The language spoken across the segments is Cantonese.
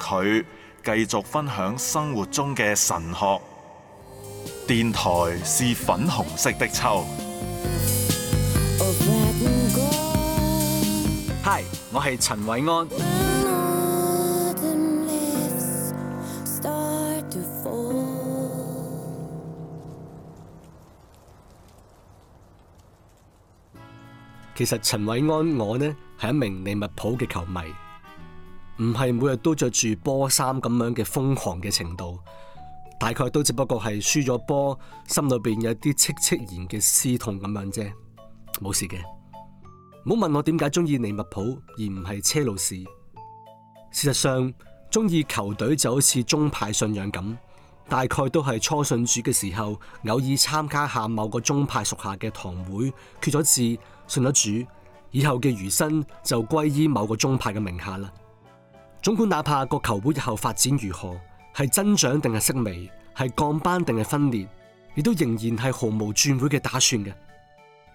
佢繼續分享生活中嘅神學。電台是粉紅色的秋。Hi，我係陳偉安。其實陳偉安，我呢係一名利物浦嘅球迷。唔係每日都着住波衫咁樣嘅瘋狂嘅程度，大概都只不過係輸咗波，心裏邊有啲戚戚然嘅思痛咁樣啫，冇事嘅。唔好問我點解中意利物浦而唔係車路士。事實上，中意球隊就好似宗派信仰咁，大概都係初信主嘅時候，偶爾參加下某個宗派屬下嘅堂會，決咗志，信咗主，以後嘅餘生就歸於某個宗派嘅名下啦。總管，哪怕個球會日後發展如何，係增長定係式微，係降班定係分裂，亦都仍然係毫無轉會嘅打算嘅。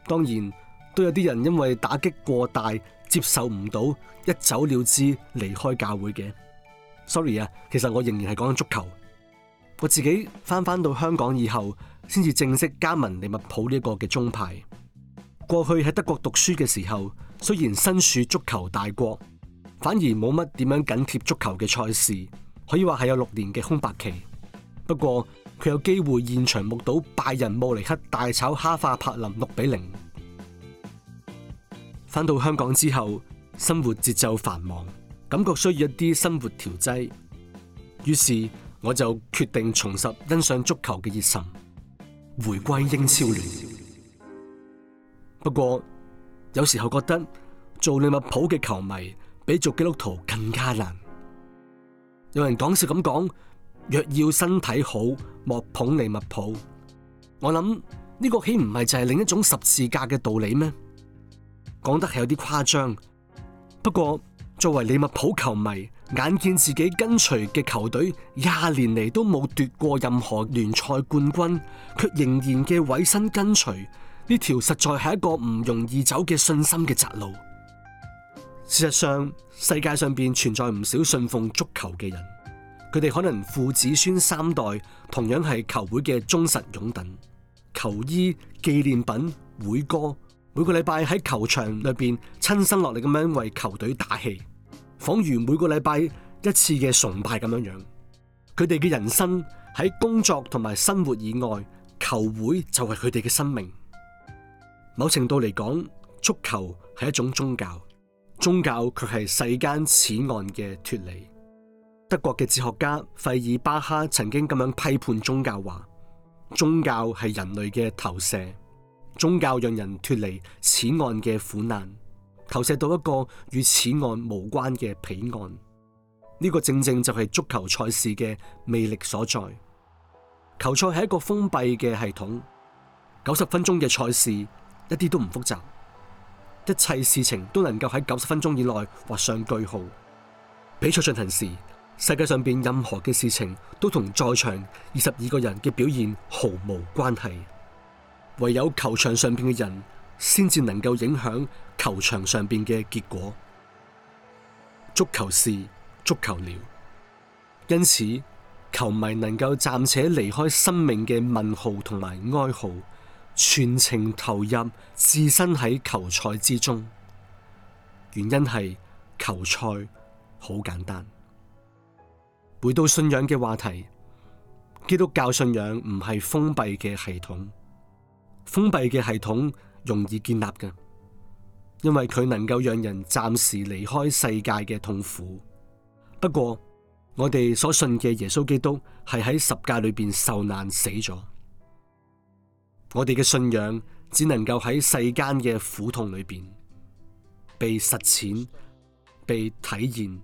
當然，都有啲人因為打擊過大，接受唔到，一走了之，離開教會嘅。Sorry 啊，其實我仍然係講緊足球。我自己翻返到香港以後，先至正式加盟利物浦呢個嘅宗派。過去喺德國讀書嘅時候，雖然身處足球大國。反而冇乜點樣緊貼足球嘅賽事，可以話係有六年嘅空白期。不過佢有機會現場目睹拜仁慕尼黑大炒哈化柏林六比零。返到香港之後，生活節奏繁忙，感覺需要一啲生活調劑，於是我就決定重拾欣賞足球嘅熱心，回歸英超聯。不過有時候覺得做利物浦嘅球迷。比做基督徒更加難。有人講笑咁講：若要身體好，莫捧利物浦。我諗呢個豈唔係就係另一種十字架嘅道理咩？講得係有啲誇張。不過作為利物浦球迷，眼見自己跟隨嘅球隊廿年嚟都冇奪過任何聯賽冠軍，卻仍然嘅委身跟隨，呢條實在係一個唔容易走嘅信心嘅窄路。事實上，世界上邊存在唔少信奉足球嘅人，佢哋可能父子孫三代同樣係球會嘅忠實擁躉，球衣、紀念品、會歌，每個禮拜喺球場裏面親身落力咁樣為球隊打氣，仿如每個禮拜一次嘅崇拜咁樣樣。佢哋嘅人生喺工作同埋生活以外，球會就係佢哋嘅生命。某程度嚟講，足球係一種宗教。宗教卻係世間此岸嘅脫離。德國嘅哲學家費爾巴哈曾經咁樣批判宗教話：宗教係人類嘅投射，宗教讓人脫離此岸嘅苦難，投射到一個與此岸無關嘅彼岸。呢個正正就係足球賽事嘅魅力所在。球賽係一個封閉嘅系統，九十分鐘嘅賽事，一啲都唔複雜。一切事情都能夠喺九十分鐘以內畫上句號。比賽進行時，世界上邊任何嘅事情都同在場二十二個人嘅表現毫無關係，唯有球場上邊嘅人先至能夠影響球場上邊嘅結果。足球是，足球了。因此，球迷能夠暫且離開生命嘅問號同埋哀號。全程投入，置身喺球賽之中。原因係球賽好簡單。回到信仰嘅話題，基督教信仰唔係封閉嘅系統，封閉嘅系統容易建立嘅，因為佢能夠讓人暫時離開世界嘅痛苦。不過，我哋所信嘅耶穌基督係喺十架裏邊受難死咗。我哋嘅信仰只能夠喺世間嘅苦痛裏邊被實踐、被體驗，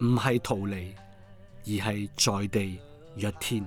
唔係逃離，而係在地若天。